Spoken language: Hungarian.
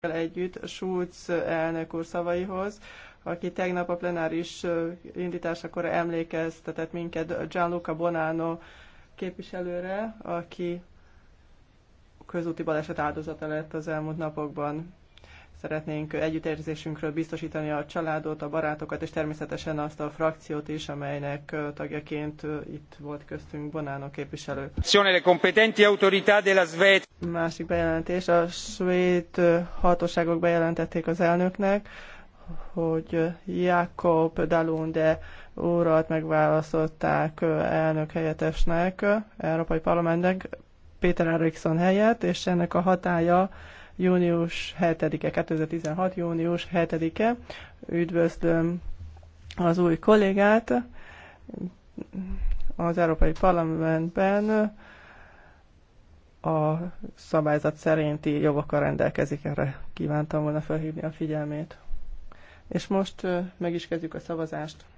együtt Schulz elnök úr szavaihoz, aki tegnap a plenáris indításakor emlékeztetett minket Gianluca Bonanno képviselőre, aki közúti baleset áldozata lett az elmúlt napokban. Szeretnénk együttérzésünkről biztosítani a családot, a barátokat, és természetesen azt a frakciót is, amelynek tagjaként itt volt köztünk Bonánok képviselő. Másik bejelentés, a svéd hatóságok bejelentették az elnöknek, hogy Jakob Dalunde úrat megválasztották elnök helyettesnek, Európai Parlamentnek, Péter Eriksson helyett, és ennek a hatája június 7-e, 2016. június 7-e. Üdvözlöm az új kollégát az Európai Parlamentben a szabályzat szerinti jogokkal rendelkezik, erre kívántam volna felhívni a figyelmét. És most meg is kezdjük a szavazást.